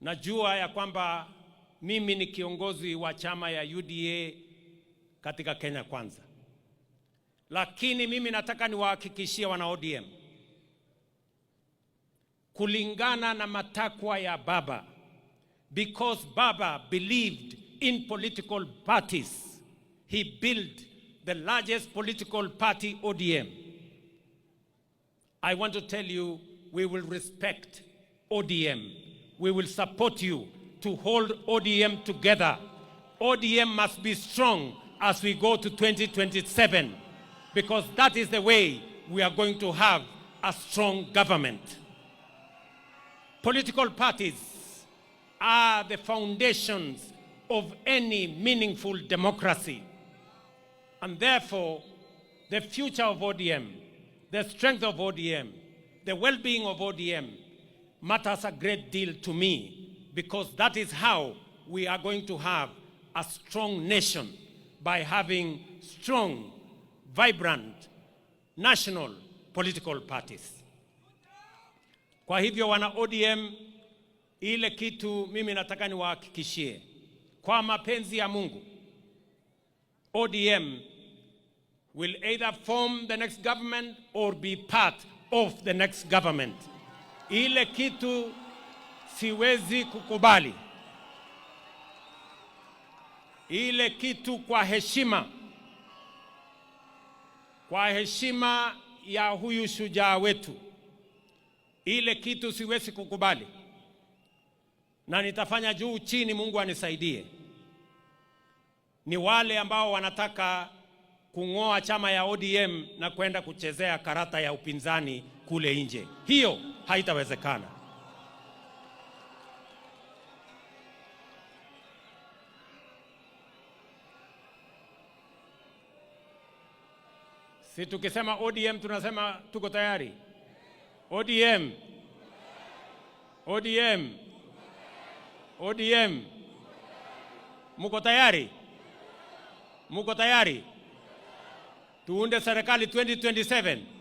Najua ya kwamba mimi ni kiongozi wa chama ya UDA katika Kenya Kwanza, lakini mimi nataka niwahakikishie wana ODM kulingana na matakwa ya baba, because baba believed in political parties, he built the largest political party ODM. I want to tell you we will respect ODM we will support you to hold ODM together. ODM must be strong as we go to 2027 because that is the way we are going to have a strong government. Political parties are the foundations of any meaningful democracy. And therefore, the future of ODM, the strength of ODM, the well-being of ODM matters a great deal to me because that is how we are going to have a strong nation by having strong, vibrant national political parties. Kwa hivyo wana ODM, ile kitu mimi nataka niwahakikishie kwa mapenzi ya Mungu, ODM will either form the next government or be part of the next government. Ile kitu siwezi kukubali. Ile kitu kwa heshima, kwa heshima ya huyu shujaa wetu, ile kitu siwezi kukubali, na nitafanya juu chini, Mungu anisaidie. Ni wale ambao wanataka kung'oa chama ya ODM na kwenda kuchezea karata ya upinzani kule nje, hiyo haitawezekana. Si tukisema ODM tunasema tuko tayari. ODM, ODM, ODM, muko tayari? Muko tayari? Tuunde serikali 2027.